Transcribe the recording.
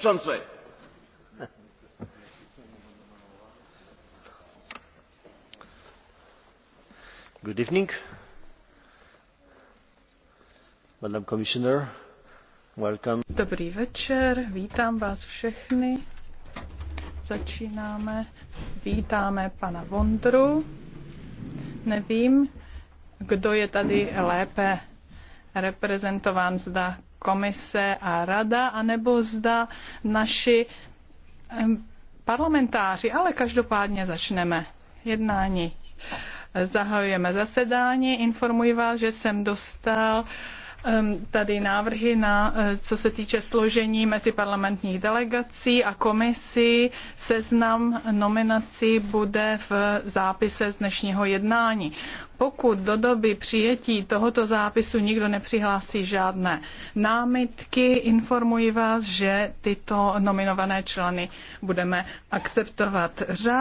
przewodniczący! Good evening. Madam Commissioner, welcome. Dobrý večer, vítám vás všechny. Začínáme. Vítáme pana Vondru. Nevím, kdo je tady lépe reprezentován zda komise a rada, anebo zda naši parlamentáři, ale každopádně začneme jednání. Zahajujeme zasedání, informuji vás, že jsem dostal Ehm, tady návrhy na, eh, co se týče složení mezi parlamentních delegací a komisí. Seznam nominací bude v zápise z dnešního jednání. Pokud do doby přijetí tohoto zápisu nikdo nepřihlásí žádné námitky, informuji vás, že tyto nominované členy budeme akceptovat řád.